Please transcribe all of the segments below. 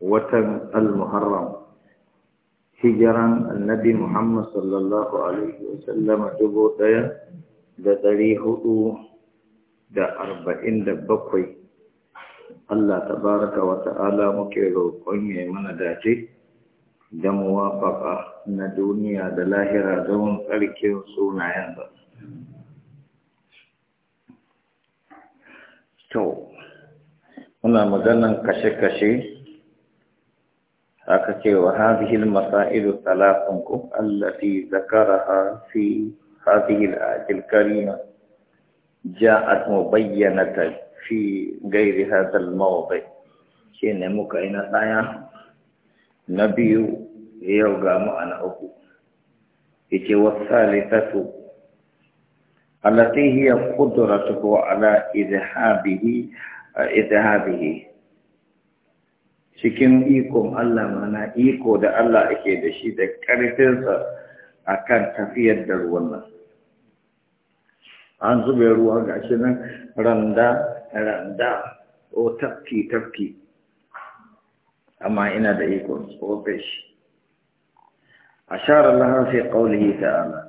watan al-muharram hijiran annabi Muhammad sallallahu alaihi wasallam dubu daya da dari hudu da arba'in da bakwai Allah tabaraka wa ta'ala muke roƙon ya mana dace da muwafaƙa na duniya da lahira don tsarkin sunayensa. To, muna maganan kashe-kashe aka ce wa hadhihi al-masa'il thalathun ku allati zakaraha fi hadhihi al-ayat karima ja'at mubayyanatan fi ghairi hadha mawdi shine muka ina tsaya na biyu yau ga mu ana uku yace wa thalithatu allati hiya qudratuhu ala izhabihi izhabihi cikin ikon Allah mana iko da Allah ake da shi da ƙarfinsa a kan tafiyar da ruwan nan. An zube ruwa ga shi nan randa, randa, o tafki, tafki, amma ina da ikon tsofe shi. أشار لها في قوله تعالى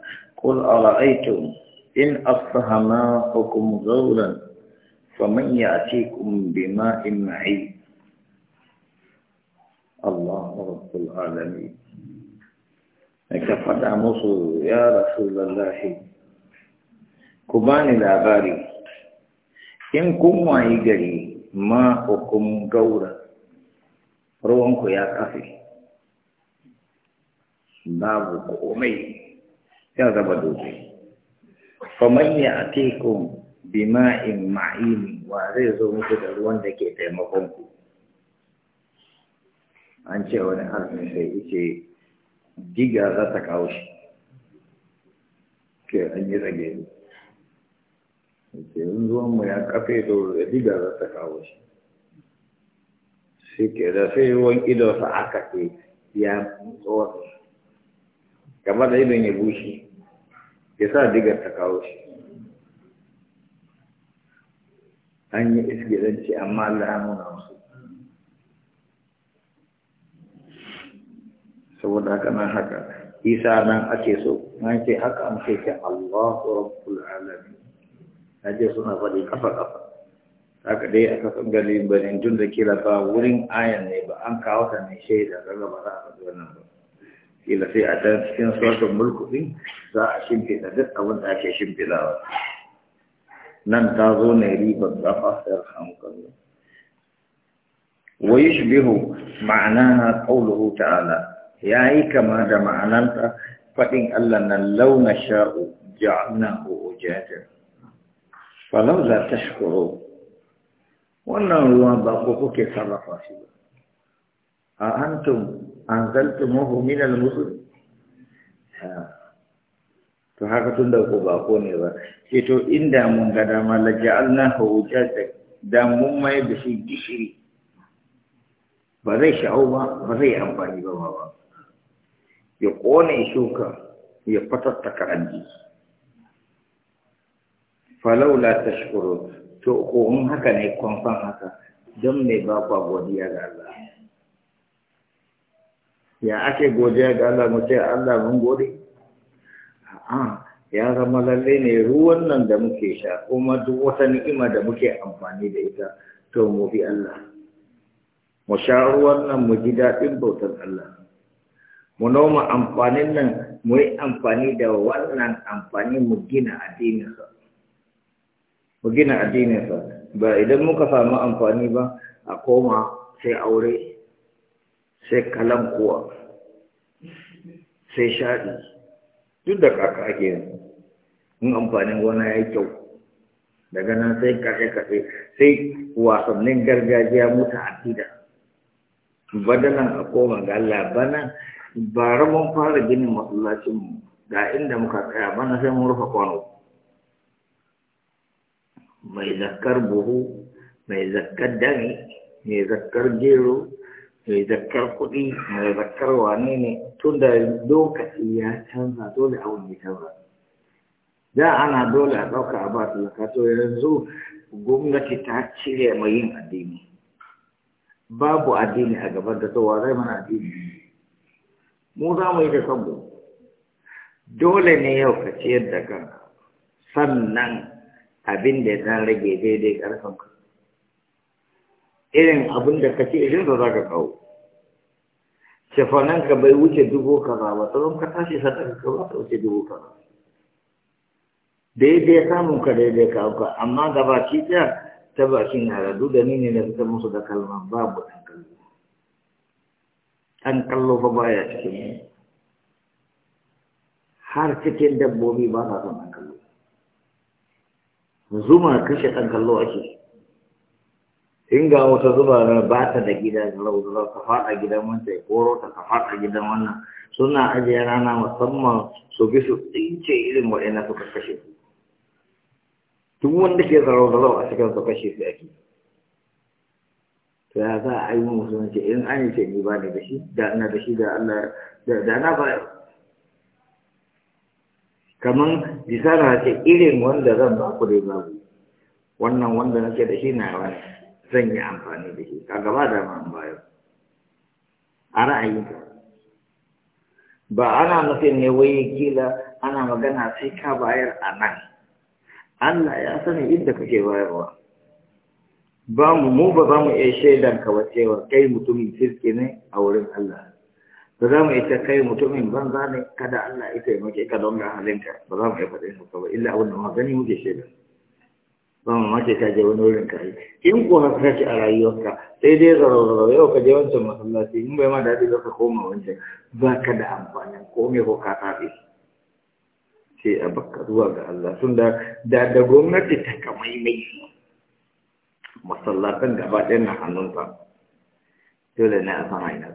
قل أرأيتم إن أصبح ماؤكم غورا فمن يأتيكم بماء معين Allah rabbul alamin ka faɗa musu ya rasulullahi ku bani labari in kun wayi gari ma hukum gaura ruwanku ya kafe babu komai ya zama dutse faman ya atikun bima'in ma'ini wa zai zo muku da ruwan da ke taimakon ku an ce wani harfin sai ike diga za ta kawo shi ke an yi tsage ne ce yin zuwanmu ya kafe to da diga za ta kawo shi sai ke da sai ruwan idonsa aka ke ya tsohon gaba da idon ya bushe ya sa digar ta kawo shi an yi zance amma Allah ya nuna musu saboda haka nan haka isa nan ake so nan ce haka an ce ke Allahu rabbul alamin aje suna faɗi kafa kafa haka dai aka san gani banin tun da kila ba wurin ayan ne ba an kawo ta ne shaida daga ba a faɗi wannan ba kila sai a dan cikin sautin mulku din za a shimfiɗa duk abin da ake shimfiɗawa nan ta zo ne ribar kafa sai hankali ويشبه معناها قوله ta'ala. ya yi kama da ma'ananta faɗin Allah na launa sha'u ja'ana ko ujajen. Falau za ta shukuro, wannan ruwan ba ko kuke sarrafa shi ba. A hantun an zalta mahu minal musul? To haka tun da ku ba ko ne ba, ke to inda mun ga dama la ja'alna ko ujajen da mun mai da shi gishiri. Ba zai sha'u ba, ba zai amfani ba ba ba. ya ƙone shuka ya fatattaka aji falaula ta shukuru to ko in haka ne kwamfan haka don mai ba kwa godiya ga Allah ya ake godiya ga Allah mu ce Allah mun gode a'a ya zama lalle ne ruwan nan da muke sha kuma duk wata ni'ima da muke amfani da ita to mu bi Allah mu sha ruwan nan mu ji daɗin bautar Allah mu noma amfanin nan mu yi amfani da wannan amfani mu gina addininsa mu gina addininsa ba idan muka samu amfani ba a koma sai aure sai kalan kuwa sai shaɗi duk da kaka ake yi, in amfanin gona ya yi kyau daga nan sai kaɗe-kaɗe, sai wasannin gargajiya mutu a badanan a koma ga Allah bara mun fara ginin mu da inda muka tsaya bana sai mun rufe kwano mai zakkar buhu mai zakkar dami mai zakkar gero mai zakkar kuɗi mai zakkar wane ne tun da lokaci ya canza dole a ya canza da ana dole a ɗauka a ba talaka to yanzu gwamnati ta cire mai yin addini babu addini a gaban da to wa zai mana addini mu za mu yi da kanmu dole ne yau ka ciyar da kan sannan abin da ya rage daidai ka irin abin da ka ce irin da za ka kawo ka bai wuce dubu kaza ba tsoron ka tashi sata ka ba ta wuce dubu kaza daidai samun ka daidai kawo ka amma gabaki ɗaya ta bakin yara duk da ni ne na fitar musu da kalmar babu ɗan kalmar ɗan kallo fa baya cikin mu har cikin dabbobi ba sa son ɗan kallo zuma kashe ɗan kallo ake in ga wata zuba na ba ta da gida lauzura ta faɗa gidan ya koro ta ta faɗa gidan wannan suna ajiye rana musamman su bi su tsince irin waɗanda suka kashe su tun wanda ke zarau zarau a cikin su kashe su ake to ya za a yi musulunci in an yi ce ni ba ne da shi da ina da shi da Allah da na ba kaman bisara ce irin wanda zan ba ku dai babu wannan wanda nake da shi na wani zan yi amfani da shi Ka gaba da ma bayan a ra'ayinka ba ana nufin ne wai kila ana magana sai ka bayar a nan Allah ya sani inda kake bayarwa ba mu mu ba za mu iya shaidan ka ba cewa kai mutumin kirki ne a wurin Allah ba za mu iya kai mutumin banza ne kada Allah ya taimake ka don ga halinka ba za mu iya faɗin haka ba illa abin da ma gani muke shaidan ba mu mace ka je wani wurin kai in ko ka kake a rayuwarka sai dai zarau yau ka je wancan masallaci in bai ma daɗi ba ka koma wancan ba ka da amfanin komai ko ka tafi sai a baka zuwa ga Allah tun da da gwamnati ta kamaimai masallatan gaba ɗaya na hannunsa dole ne a sama ina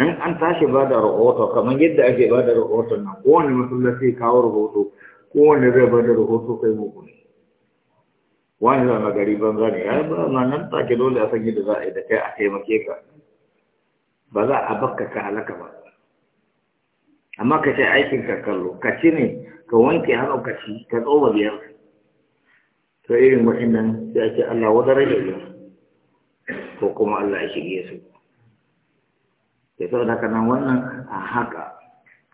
in an tashi ba da rahoto kamar yadda ake ba da rahoto na kowane masallaci kawo rahoto kowane zai ba da rahoto kai muku ne wani zama gari banza ne ya ba na nan take dole a san yadda za a yi da kai a taimake ka ba za a baka ka halaka ba amma ka ce aikin ka kallo ka ci ne ka wanke hannu ka ci ka biyar to irin wa'annan sai ake Allah wadare da su ko kuma Allah ya shige su ya sau da kanan wannan a haka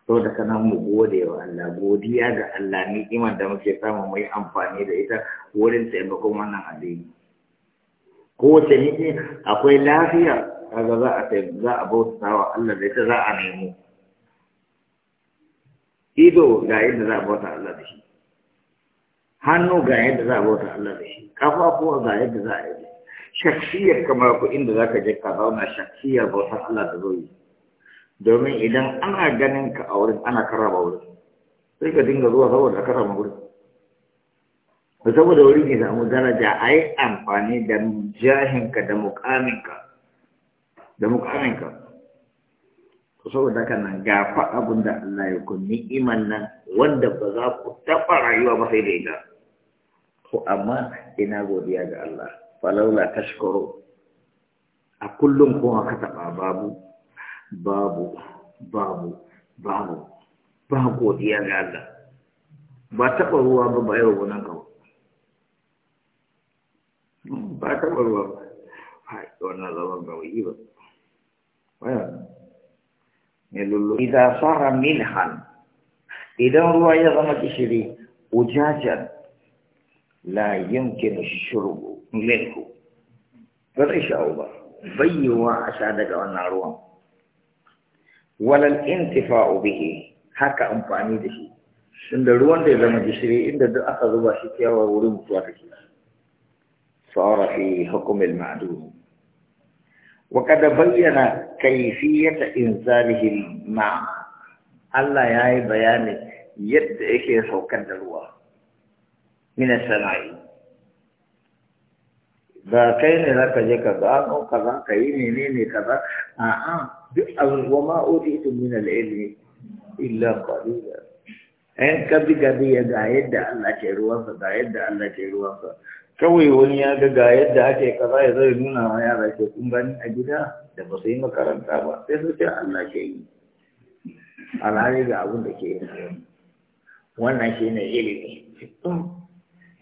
sau da kanan mu gode wa Allah godiya ga Allah ni iman da muke samu mai yi amfani da ita wurin taimakon wannan addini kowace ni'im akwai lafiya kaga za a za a bauta wa Allah da ita za a nemo ido ga inda za a bauta Allah da shi hannu ga yadda za a bauta Allah da shi kafafuwa ga yadda za a yi shaksiyar kamar ku inda za ka je ka zauna shaksiyar bautar Allah da zoyi domin idan ana ganin ka a wurin ana karrama wurin sai ka dinga zuwa saboda karrama wurin da saboda wurin ne samu daraja a yi amfani da jahinka da mukaminka da mukaminka saboda haka nan gafa abin da Allah ya kunni iman nan wanda ba za ku taɓa rayuwa ba sai da ita Ko amma ina godiya ga Allah falaula tashkuru a kullum ko haka taɓa babu babu babu babu ba godiya ga Allah ba taɓa ruwa ba ba yau gunan ka ba taɓa ruwa ba wannan zaman ba wai ba يلولو إذا صار ملحا إذا هو يغمى تشري أجاجا لا يمكن الشرب منه فرش أوبا بيوا أشادك والنارون ولا الانتفاع به haka amfani da shi inda ruwan da ya zama gishiri inda duk aka zuba shi ciyawa wurin mutuwa take tsara fi hukumil ma'dum wa kad bayyana kaifiyata inzalihi ma Allah ya yi bayani yadda yake saukar da ruwa min sana'i ba kai ne za ka je ka gano kaza ka yi menene kaza a'a duk abin wa ma utitu min al-ilmi illa qalila in ka gabi ya ga yadda Allah ke ruwansa ga yadda Allah ke ruwansa kawai wani ya ga ga yadda ake kaza ya zai nuna wa yara ke kun gani a gida da ba su yi makaranta ba sai su ce Allah ke yi alhali ga abin da ke yi wannan shi ne ilimi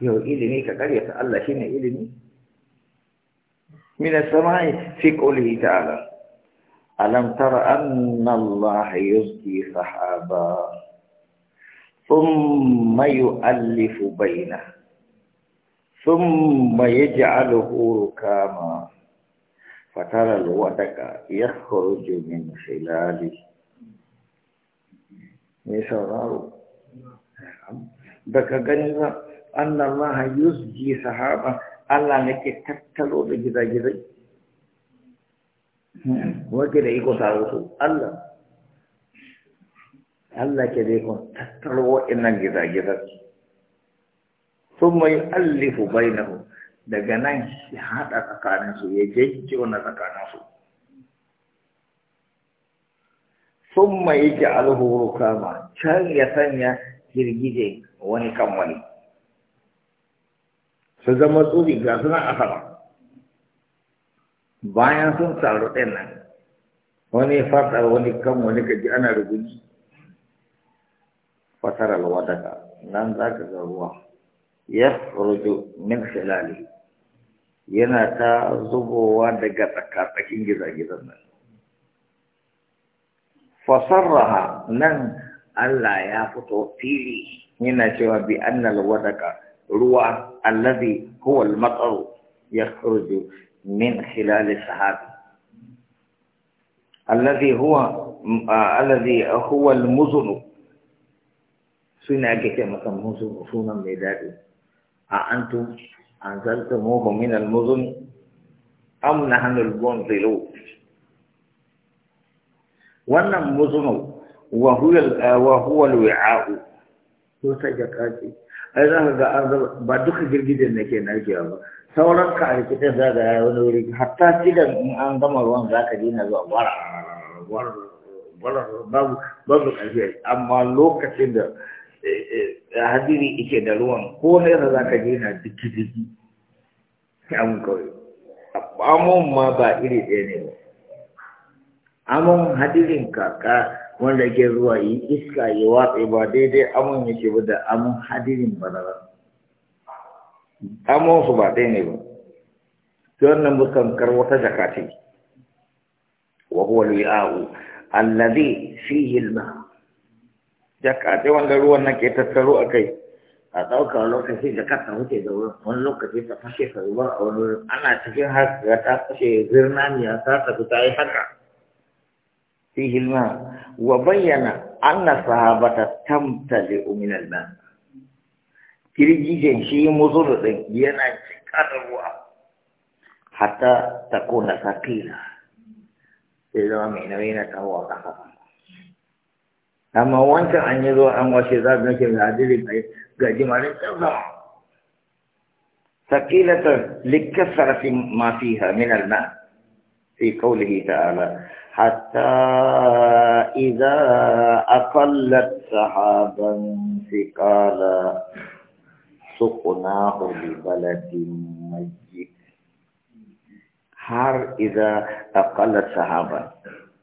yau ilimi ka karya ta Allah shi ne ilimi min as-sama'i fi qawlihi ta'ala alam tara anna Allah yuzki sahaba thumma yu'allifu bainah ثم يجعله ركاما فترى الودك يخرج من خلاله يسرار daga gani ba annan maha yusji sahaba Allah ne ke tattalo da gizagizai wake da iko tare su Allah Allah ke da iko tattalo wa'innan gizagizai ثم na بينه daga nan ya haɗa tsakaninsu ya jejje wani tsakaninsu sun mai yake alhuru kama can ya sanya girgije wani kan wani su zama tsuri ga suna a sama bayan sun taru ɗin nan wani fata wani kan wani gaji ana rubuci fatar alwadaka nan za ka ga ruwa يخرج من خلاله يناتا ضبوان دقا تكا تكين جزا جزا من فصرها نن ألا يافتو فيه هنا شوى بأن الودك روى الذي هو المطر يخرج من خلال السحاب الذي هو الذي هو المزن سنة كتير مثلا مزن سنة ميدادي a antum anzaltumuhu min al-muzun am nahnu al-munzilu wannan muzunu wa huwa eh, wa huwa al-wi'a'u to sai ga kace ka ga an ba duka girgijen nake narkewa ba sauran ka a rikitin za ga wani wuri hatta idan in an gama ruwan za ka dina zuwa bara babu babu ƙarfi amma lokacin da Eh, eh, hadiri ike da ruwan ko naira za ka gina na diki-diki an kawai amon ma ba iri ɗaya ne ba amon hadirin kaka wanda ke zuwa yi iska yi watsa ba daidai amon yake ba da amon hadirin barara amon su ba ɗaya ne ba ta wannan wata jaka ce wa huwa al-wi'a'u allazi fihi al-ma'a jaka ce wanda ruwan nan ke tattaro a kai a ɗaukar lokaci da kasa wuce da wurin wani lokaci ta fashe ka ruwa a wani wurin ana cikin haka ta fashe zirnaniya ta tafi ta yi haka fihi ma wa bayyana an na sahabata tamtali min al nan, kirgijin shi da din yana cika da ruwa hatta takuna sakila sai zama mai nauyi na tawo a kafa amma wancan an yi zo an washe za su nake ga adirin kai ga jimarin tsarsa ثقيلة للكثرة ما فيها من الماء في قوله تعالى حتى sahaban أقلت سحابا ثقالا سقناه لبلد ميت har iza taqallat sahaban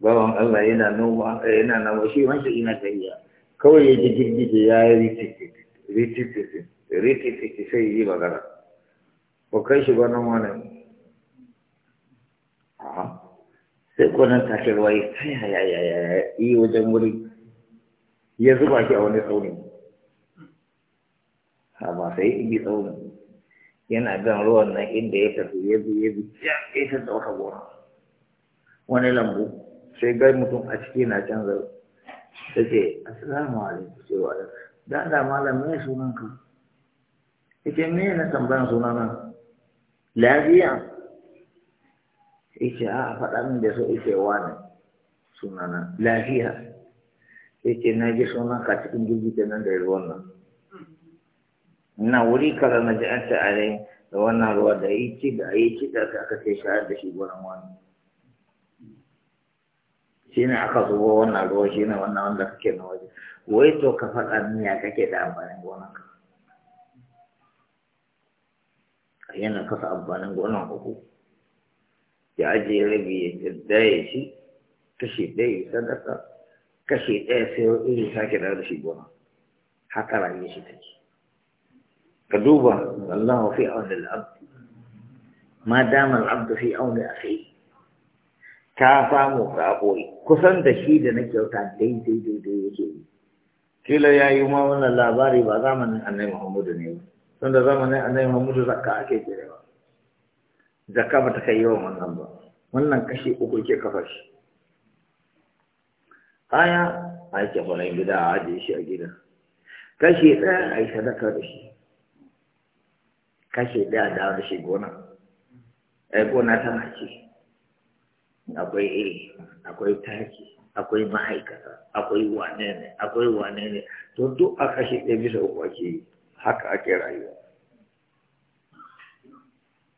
bawan Allah yana noma eh, yana noma shi wancan ina tayya kawai ya ji girgije ya yi ritifitin ritifitin sai yi magana ko kai shi gwanon wani sai gwanon takarwa ya sai ya ya ya yi wajen wuri ya zuba shi a wani tsauni ba sai yi bi tsauni yana gan ruwan nan inda ya tafi ya bi ya bi ya ta da wata gona wani lambu sai gai mutum a ciki na canza ta ce assalamu alaikum ce wa da da malam me sunan ka yake me na tambayan sunana lafiya yake a faɗa min da so yake wani sunana lafiya yake na ji sunan ka cikin girgita nan da ruwan nan na wuri kaza na ji an ta a da wannan ruwa da yi ci da yi ci da aka ce shayar da shi gwanan wani shi ne aka zubo wannan ruwa shi ne wannan wanda kake na waje wai to ka faɗa min ya kake da amfanin A yana kasa amfanin gonan uku ya ajiye rabi ya daya shi kashi ɗaya ya sadaka kashi ɗaya sai iri sake da shi gona haka rayuwar shi take ka duba Allah fi aunil abd ma dama al-abd fi auni akhihi ka samu ka kusan da shi da na kyauta daidai daidai yake yi kila ya yi ma wannan labari ba zamanin annai muhammadu ne ba tun da zamanin annai muhammadu zakka ake ba zakka ba ta kai yawan wannan ba wannan kashi uku ke kafa shi aya a yake kwanan gida a ajiye shi a gida kashi ɗaya a yi sadaka da shi kashi ɗaya dawo da shi gona ai gona tana ce akwai iri akwai taki akwai ma'aikata akwai wane ne akwai wane ne to duk a kashe ɗaya bisa uku ake haka ake rayuwa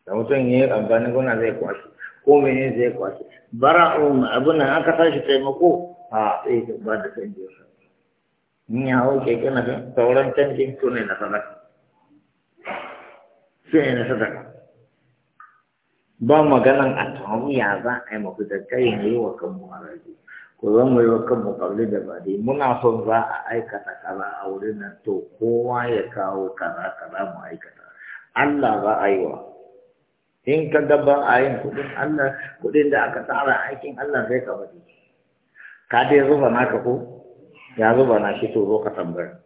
da mutum ya yi amfani gona zai kwashe ko mene zai kwashe bara'un abu nan aka tashi taimako a sai ka ba da canjin sa ni ya hau keke na sauran canjin su ne na sadaka su na sadaka ba maganan a taru ya za a yi mafi tattayin yi wa kanmu haraji ko zan mu yi wa kanmu kalli da ba dai muna son za a aikata kaza a wurin nan to kowa ya kawo kaza kaza mu aikata Allah za a yi wa in ka gaba a yin kuɗin Allah kuɗin da aka tsara aikin Allah zai ka faɗi ka dai zuba naka ko ya zuba na shi to zo ka tambaya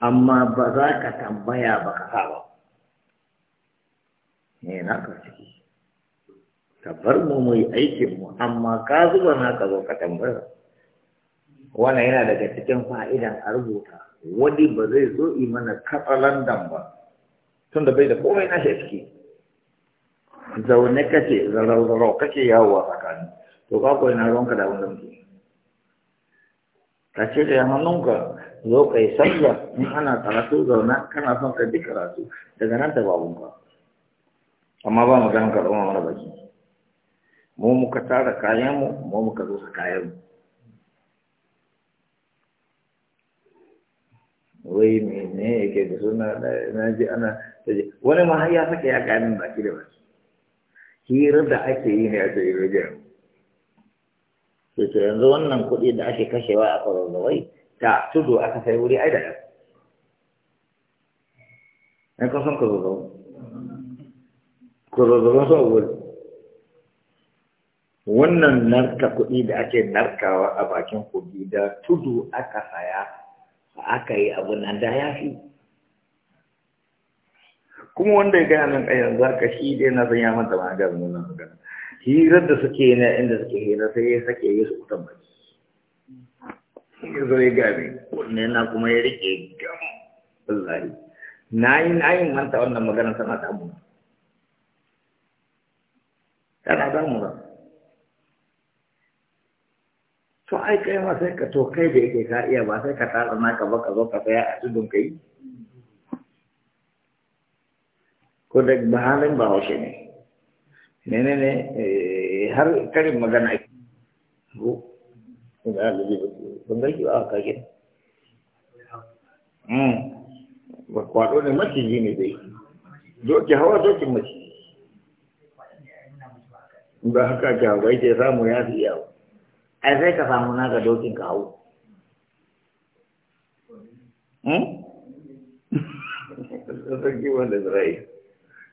amma ba za ka tambaya ba ka sa ba ne eh, na ka ciki ka bar mu mu yi aikin mu amma ka zuba na ka zo ka tambaya wannan yana daga cikin fa'idan a rubuta wani ba zai zo yi mana katsalandan ba tun da bai da komai na shi zaune kake zarau-zarau kake yawo a tsakani to ka koyi na ruwanka da wanda muke ka ce da hannunka zo ka yi sallah in ana karatu zauna kana son ka bi karatu daga nan da babunka amma ba mu ganin karɓar wani baki mu muka tara kayan mu mu muka zo kayan mu wai mene yake da suna na ji ana ta ji wani ma ya saka ya gani baki da baki hirar da ake yi ne a tsaye rajiyar sai to yanzu wannan kuɗi da ake kashewa a kwararrawai ta tudu aka sai wuri ai da ya. Ai kusan ka zo ku zama su awwal wannan narka kuɗi da ake narkawa a bakin kogi da tudu aka saya aka yi abu nan da ya fi kuma wanda ya gaya nan ɗayan za ka shi dai na san ya manta ma ga nan magana hirar da suke na inda suke hira sai ya sake yi su kutan baki zai zo ya gabe na kuma ya rike gam wallahi na yi na yi manta wannan magana sana ta abu kana za mu ba to ai kai ma sai ka to kai da yake ka iya ba sai ka tsara naka ba ka zo ka tsaya a tudun kai ko da halin ba haushe ne ne eh, har karin magana ake ko da alibi ban ga ki ba ka ke hmm. ba kwado ne maciji ne dai doki hawa dokin maciji ba haka jawabai ce samu ya fi yawo ai sai ka samu naka dokin ka hau hmm?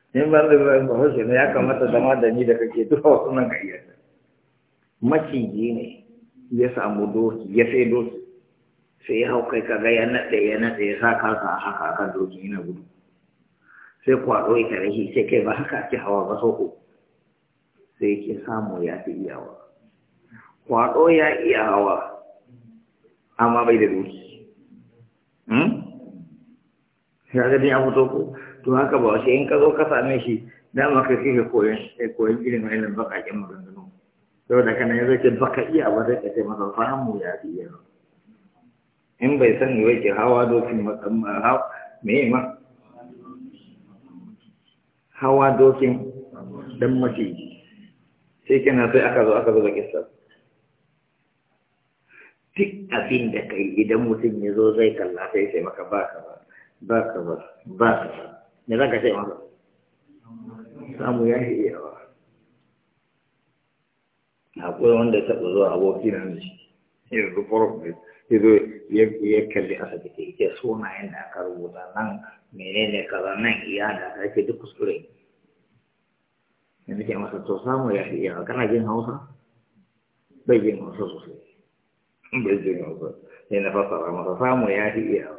ne ba da zirai ba hausa ne ya kamata zama da ni da kake duka wasu nan gayyar maciji ne ya samu doki ya sai doki sai ya hau kai ga ya naɗe ya naɗe ya sa kasa a haka akan doki yana gudu sai kwaɗo ya kare sai kai ba haka ake hawa ba sau sai ke samu ya fi iyawa kwaɗo ya iyawa amma bai da duki. Hmm? ya gani ya fito ko to haka ba wasu in ka zo ka same shi dama kai kai koyon koyon irin wannan bakakin maganganu saboda kana ya ke baka iya ba zai kace masa samu ya fi iyawa in bai sani wai ke hawa dokin matsamman um, hau me ma hawa dokin dan maciji sai sai aka zo aka zo da kissa duk abin da kai idan mutum ya zo zai kalla sai sai maka ba ka ba ba ka ba ba ka ba me za ka ce maka samu ya yi iyawa akwai wanda ta taɓa zuwa aboki na shi yanzu farko ya zo ya kalli asibiti ya ce sunayen da aka rubuta nan menene kaza nan iya da ake duk kuskure yanzu ke masa to samu ya fi yawa kana jin hausa bai jin hausa sosai bai hausa sai na fassara masa samu ya fi yawa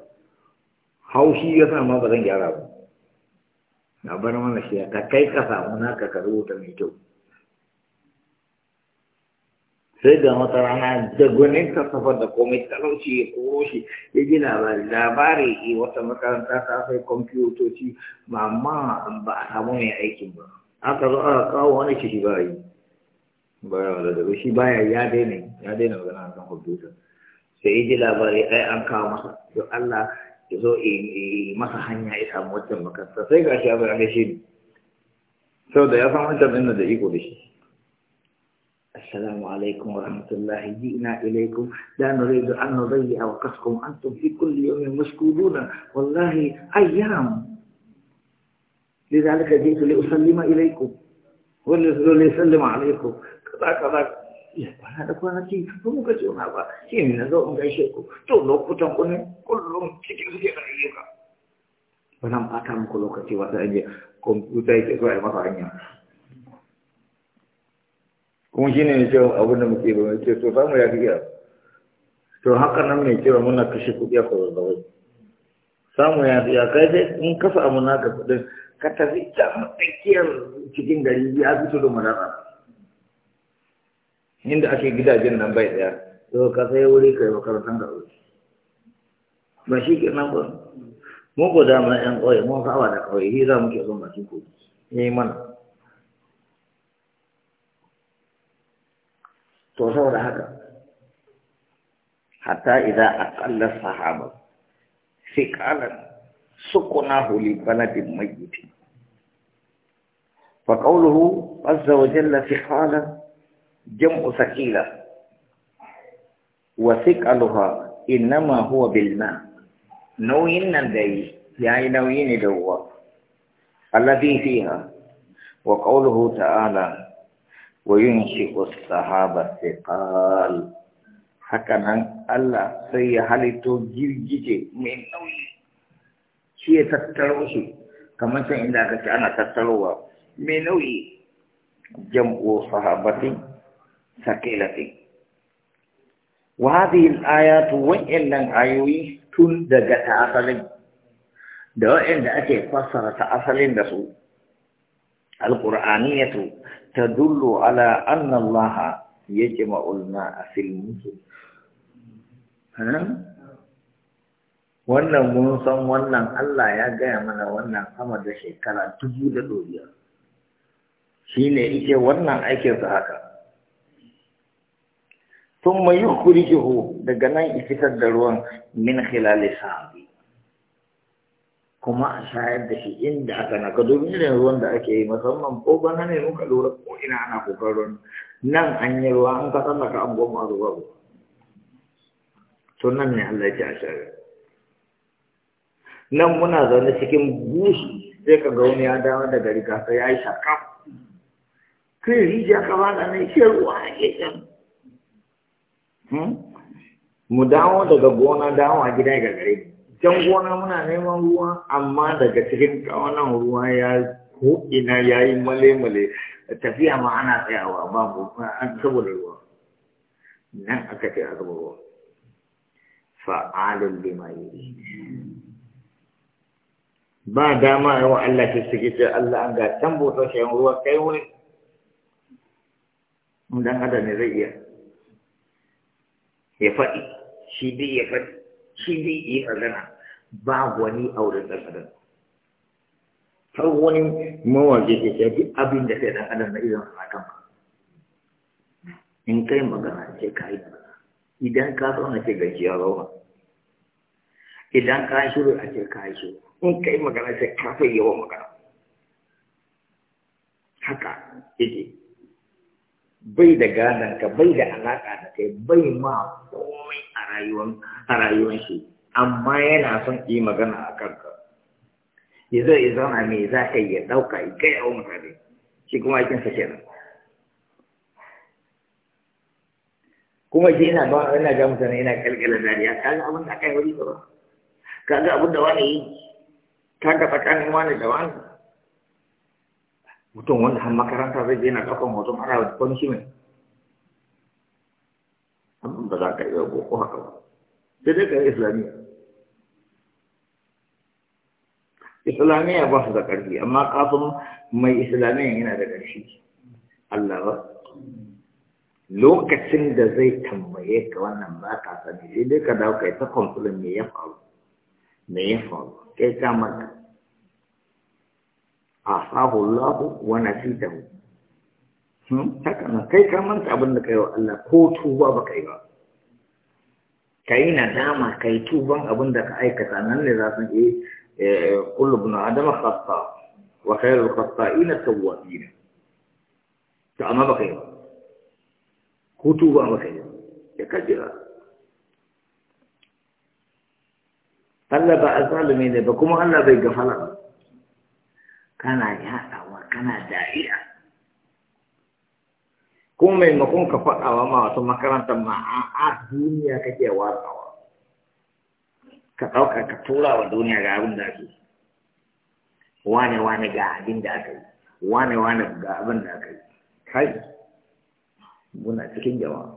haushi ya sa ma ba zan gyara ba na mana shi ka kai ka samu naka ka rubuta mai kyau sai da wata rana jagonin ta safar da komai talauci ya koro shi ya gina labari a wata makaranta ta sai kwamfutoci amma ba a samu mai aikin ba aka zo aka kawo wani shi ba yi baya da daga shi baya ya daina ya daina magana kan kwamfuta sai yi ji labari ai an kawo masa don Allah ya zo masa hanya ya samu wancan makaranta sai ga shi a bayan shi ne sau da ya san wancan ɗin da iko da shi السلام عليكم ورحمة الله جئنا إليكم لا نريد أن نضيع وقتكم أنتم في كل يوم مسكولون والله أيام لذلك جئت لأسلم إليكم ولأسلم عليكم كذا كذا yana da kwanaki ba muka ce na ba shi na zo gaishe ku to lokutan ku kullum cikin suke da ayyuka ba nan fata muku lokaci wata hanyar kwamfuta yake zuwa ya masa kuma shi ne cewa abin muke ba ce to samu ya fiya to haka nan mai cewa muna kashe kuɗi a kwazazzawai samu ya fiya kai sai in kasa amuna ka kuɗin ka tafi can tsakiyar cikin gari ya fi tudu madara inda ake gidajen nan bai daya to ka sai wuri kai makarantar da wuri ba shi ke nan ba mu ko mana yan ƙauye mun saba da ƙauye shi za mu ke son bakin kogi ya yi mana to saboda haka hatta idan aƙalla sahaba sai ƙalan سقناه لبلد ميت فقوله عز وجل ثقالا جمع ثقيلة وثقلها إنما هو بالماء نوين ندي يعني نوين دوا الذي فيها وقوله تعالى وينشئ الصحابة الثقال hakanan Allah سيحلت ya من girgije shi ya tattaro shi kamar can inda aka ce ana tattarowa mai nauyi jam'u sahabatin sakilatin wa hadhihi al-ayatu wa'illan ayoyi tun daga ta asalin da wa'inda ake fassara ta asalin da su al "Ta tadullu ala anna allaha yajma'u al-ma'a fil wannan mun san wannan Allah ya gaya mana wannan sama da shekara dubu da ɗoriya shi ne ike wannan aikinsa haka Tun mai yukurikihu daga nan fitar da ruwan min khilali sahabi kuma a shayar da shi inda aka na ka domin irin ruwan da ake yi musamman ko bana ne muka lura ko ina ana kokarin nan an yi ruwa an ka an goma ruwa to nan ne Allah ya ce a shayar nan muna zaune cikin bushi sai ka ga wani ya dawo daga riga sai ya yi shakka kai rija ka ba da nan shi ruwa ake can hmm? mu dawo daga gona dawo a gida ga gare can gona muna neman ruwa amma daga cikin kawanan ruwa ya ko'ina ya yi male-male tafiya ma ana tsayawa babu an saboda ruwa nan aka ce a gaba ruwa fa'alin lima yi ba dama yawan Allah ke suke ce Allah an ga can shi shayin ruwa kai wuri dan adam ne zai iya ya faɗi shi dai ya faɗi shi dai yi magana ba wani auren ɗan adam har wani mawaje ke ce duk abin da sai ɗan adam na idan a kan in kai magana ce ka yi idan ka na ce gajiya rawa idan ka shi shiru a ce ka shiru in ka yi magana sai ka fi yawan magana haka yake bai da gananka bai da alaƙa da kai bai ma komai a rayuwar shi amma yana son yi magana a kanka ya zo ya zauna me za ka yi ɗauka ya kai a mutane shi kuma aikinsa kenan kuma shi ina ba ina ga mutane ina kalkala dariya kaga abin da aka wuri ba kaga abin da wani ta ga tsakanin wani da wani mutum wanda har makaranta zai gina na ɗaukan hoton ana da mai abin ba za ka iya boko haka ba sai dai ka yi islamiyya islamiyya ba su da ƙarfi amma kafin mai islamiyya yana da ƙarfi Allah ba lokacin da zai tambaye ka wannan ba ka sani sai dai ka dawo kai ta kwamfulin me ya faru me ya faru kai ka A asahu Allah wa nasitahu hmm? haka nan kai ka manta abin da kai wa Allah ko tuba ba kai ba Ka yi na dama kai tuban abin da ka aikata nan ne za su eh kullu ibn adam khata wa khairul khata'ina tawwabin to amma ba kai ba ko tuba ba kai ba ya kajira Allah ba azalumi ne ba kuma Allah bai gafala ba kana yaɗawa kana dariya kuma maimakon ka faɗawa ma wasu makarantar ma a duniya kake watsawa ka ɗauka ka tura wa duniya ga abin da ake wane wane ga abin da aka yi wane wane ga abin da aka yi kai muna cikin jama'a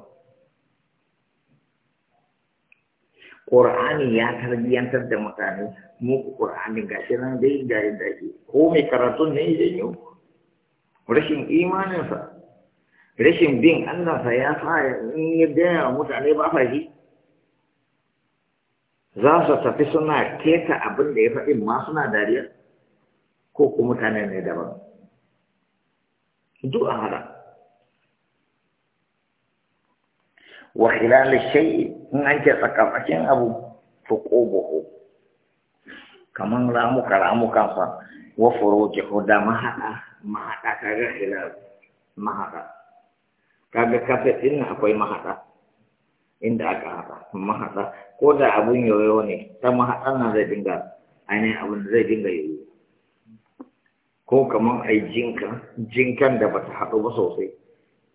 Qur'ani ya tarbiyantar da mutane mu Qur'ani Ga shi nan dai da yadda ko mai karatu ne ya yi? rashin imaninsa rashin bin Allah sa ya sa in ya ga mutane ba fa shi za su tafi suna keta abin da ya faɗi ma suna dariya ko ku mutane ne daban duk a haɗa wa khilal shay'i in an ce sakamakin abu to qubuhu kaman ramuka ramuka fa wa furujihu da mahada mahada kaga khilal mahada kaga kafe din akwai mahada inda aka haɗa mahada. ko da abun yoyo ne ta mahaɗan na zai dinga ainihin abun zai dinga yoyo ko kamar ai jinka jinkan da bata haɗu ba sosai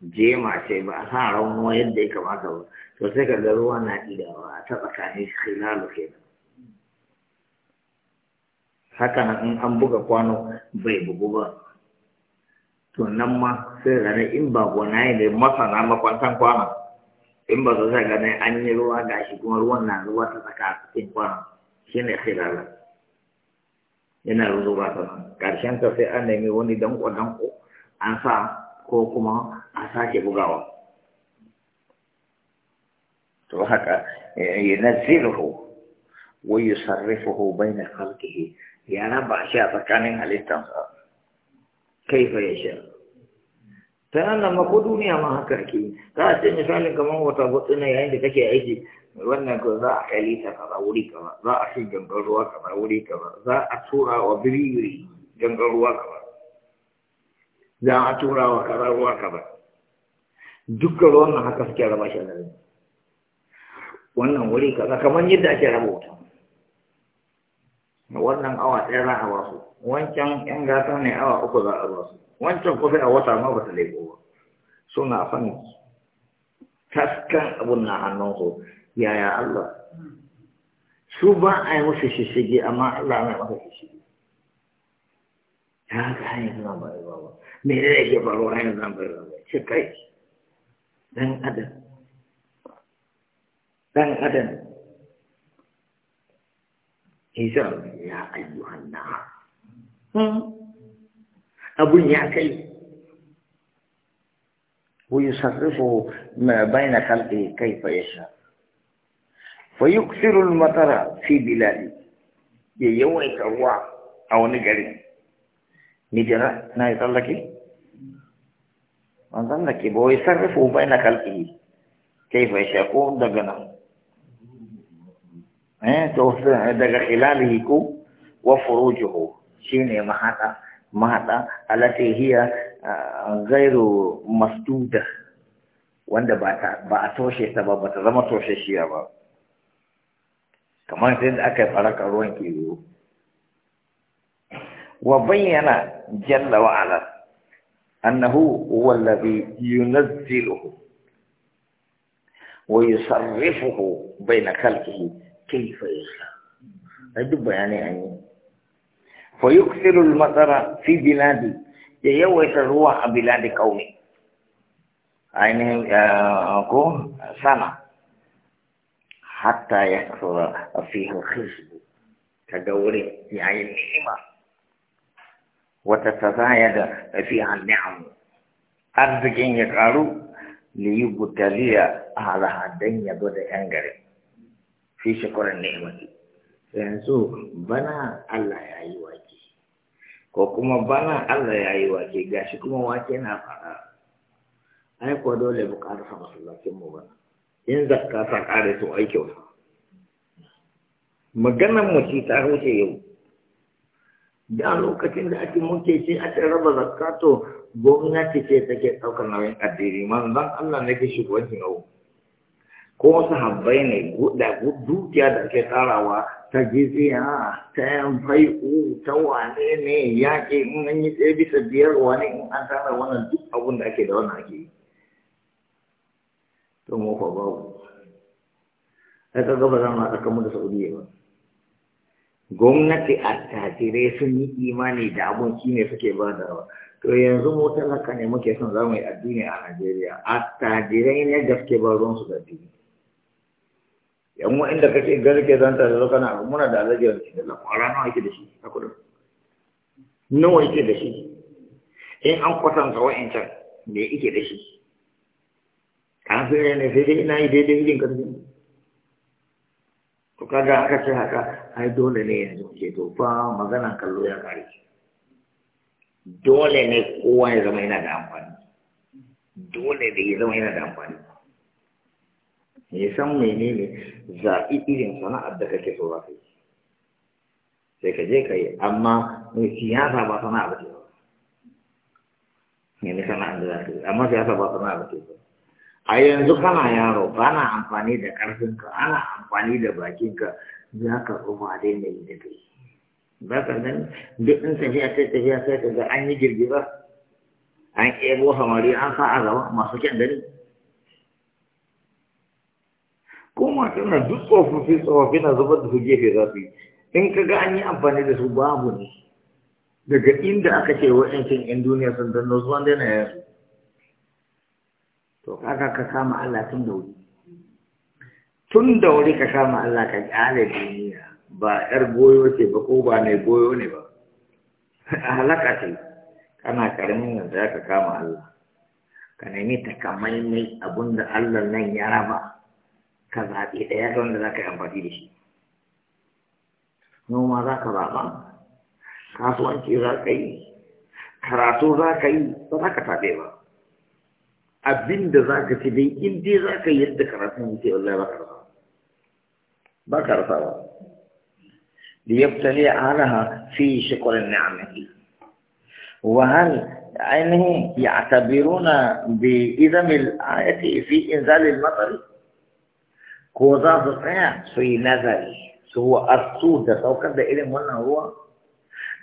jema ce ba a sa ranwa yadda ya kamata ba to sai ka ga ruwa na idawa a ta tsakanin khilalu kenan haka nan in an buga kwano bai bugu ba to nan ma sai gane in ba gona ne masana makwantan kwana in ba su sai gane an yi ruwa ga shi kuma ruwan na ruwa ta tsaka a cikin kwana shi ne khilala yana ruzu ba ta nan ƙarshen ta sai an nemi wani danko danko an sa ko kuma a sake bugawa to haka eh, yunazziruhu wa yusarrifuhu bayna khalqihi ya raba shi a tsakanin halittansa kaifa yasha ta yana mako duniya ma haka ke za a ce misalin kamar wata hudu na yayin da take aiki wannan ko za a kai lita ka wuri ka za a shi gangar ruwa wuri kaza za a tura wa biri gangar ruwa za a tura wa kaza ruwa kaza Duk ruwan nan haka suke raba shi da wannan wuri kaza kamar yadda ake raba wuta wannan awa ɗaya za a ba su wancan yan gata ne awa uku za a ba su wancan kofi a wata ma ba ta laifo ba suna son taskan abun na su yaya Allah su ba a yi musu shishigi amma Allah mai masa shishigi ya ga hanyar na ba ba ba me ne faruwa hanyar ba kai dan adam dan adam hijab ya na hmm? abun ya kai ويكثر المطر في بلاده يوم الروا أو نجري mijira na yi tsallake ban tsallake ba wai sarrafa bai na kalfi كيف يشاكون دقنا ايه توفر دق خلاله كو وفروجه شين مهاتا wanda ba ta ba a toshe ta ba ba ta zama tosheshiya ba kamar sai da aka fara faraka ruwan wa bayyana جل وعلا أنه هو الذي ينزله ويصرفه بين خلقه كيف يشاء هذا بيان يعني, يعني فيكثر المطر في بلادي يويت الروح بلاد قومي يعني أكو آه، سنة حتى يكثر فيه الخشب كدوري يعني نعمة wata tazaya da tafiya mu. arzikin ya karu li yi butaliya a halahadan ya da yan gari. fi shekarar ni'imati yanzu bana allah ya yi wake ko kuma bana allah ya yi wake gashi kuma wake na fara ai kuwa dole bukatarsa masallacin mu ba. in zakka sa kare su aikin maganar mu ci ta huce yau da lokacin da ake muke ce ake raba zakato, gwamnati ce take ɗaukar nauyin addini manzon Allah ne ke shugabanci na ko sahabbai ne da dukiya da ake tsarawa ta jiziya ta yan fai'u ta wane ne yaƙi in an yi tsaye bisa biyar wane in an tara wannan duk abin da ake da wannan ake yi to mu fa babu sai ka gaba zama a tsakamu da saudiya ba gwamnati a tajirai sun yi imani da abun shi ne suke ba da rawa to yanzu mu talaka ne muke son za mu yi addini a najeriya a tajirai ne da suke ba ruwan su da addini yan wa'inda kake gari ke zanta da zaka na muna da alaji shi da lakwara nawa yake da shi a kudu nawa yake da shi in an kwatanta can, me yake da shi kafin ne sai dai ina yi daidai irin karfin kaga haka sai haka ai dole ne yanzu ke to fa magana kallo ya kare dole ne kowa ya zama yana da amfani dole da ya zama yana da amfani ne san menene zaɓi irin sana'ar da kake so za ka yi sai ka je ka yi amma siyasa ba sana'a ba ce ba ne sana'ar da za ka yi amma siyasa ba sana'a ba ce ba a yanzu kana yaro na amfani da ƙarfinka ana amfani da bakinka za ka kuma daina yi da kai ba ka nan duk in tafiya sai tafiya sai ka ga an yi ba an ebo hamari an sa a gaba masu kyan dare kuma tana duk tsofaffi tsofaffi na zubar da su gefe za su yi in ka ga an yi amfani da su babu ne daga inda aka ce wa'yancin 'yan duniya sun danno zuwan daina yanzu to kaga ka kama Allah tun da wuri tun da wuri ka kama Allah ka kyale duniya ba yar goyo ce ba ko ba mai goyo ne ba a halaka ce kana karamin da za ka kama Allah ka nemi takamaimai abin da Allah nan ya raba ka zaɓi ɗaya ga wanda za ka yi amfani da shi noma za ka zaɓa kasuwanci za ka yi karatu za ka yi ba za ka taɓe ba abinda da za ka ci dai in dai za ka yadda karatu wuce Allah ba ka rasa ba ka rasa ba liyabtali alaha fi shukr an ni'amati wa hal ainihi ya'tabiruna bi idam al-ayati fi inzal al-matar ko za su tsaya su yi nazari su arsu da saukar da irin wannan ruwa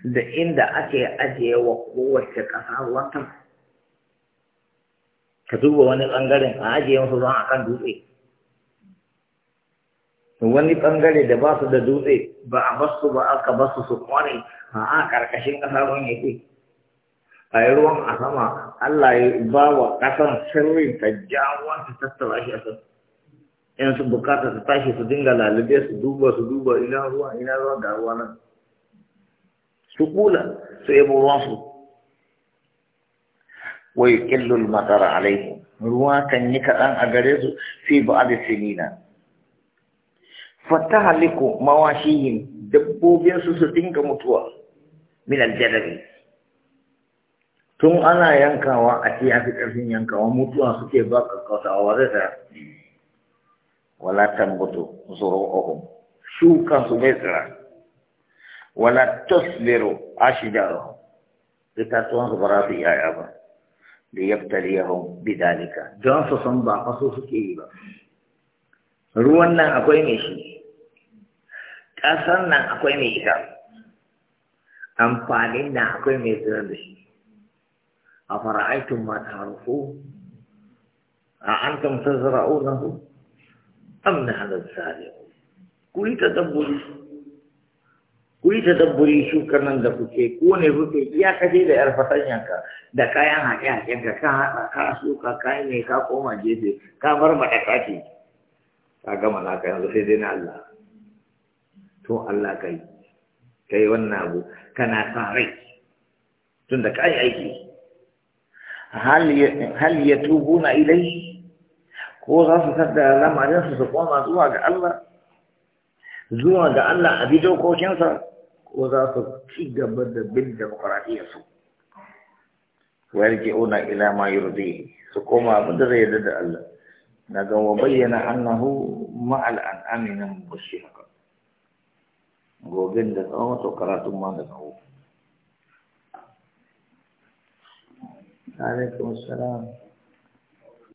da inda ake ajiye wa kowace ƙasa ruwan ka duba wani ɓangaren a ajiye musu ruwan akan dutse wani ɓangare da ba su da dutse ba a basu ba aka basu su kware a a ƙarƙashin ƙasa ruwan yake a yi ruwan a sama Allah ya ba wa ƙasan sirrin ta jawon ta tattara shi a sa yan su bukata ta tashi su dinga lalube su duba su duba ina ruwa ina ruwa da ruwa nan su kula su yabo ruwan su ويقل المطر عليهم رواه كان ان اغرزو في بعض السنين فتهلك مواشيهم دبو دبوبين سوسوتين كمتوى من الجدل ثم انا ينكا ينكاوا اتي افي كرفين ينكاوا متوى سكي باكا كوتا وارزا ولا تنبتوا زروعهم شوكا سميترا ولا تصبروا اشجارهم لتاتوان غبراتي يا ابا da yaftariyahum bidalika don su san ba fa so suke yi ba ruwan nan akwai mai shi ƙasar nan akwai mai ita amfanin nan akwai mai zira da shi a fara'aitun ma ta harfu a an tamsar zira'o na hu amna halar zariya kuri ta dabbobi ku yi tadabburi shukar nan da kuke ko ne kuke iya kaje da yar ka da kayan haƙe-haƙenka ka haɗa ka shuka ka yi ne ka koma gefe ka bar mata kati ka gama naka yanzu sai dai na Allah to Allah kai kai wannan abu kana sa rai tun da kayi aiki hal ya tubuna ilai ko za su sadda lamarinsu su koma zuwa ga Allah zuwa ga Allah a bidokokinsa ko za su ci gaba da bin demokuraɗiyyarsu warke una ila ma yurdi su koma abin da zai yarda da Allah na ga wa bayyana annahu ma'al an'ami na mubashi haka gobin da tsawon to karatun ma da tsawo alaikum salam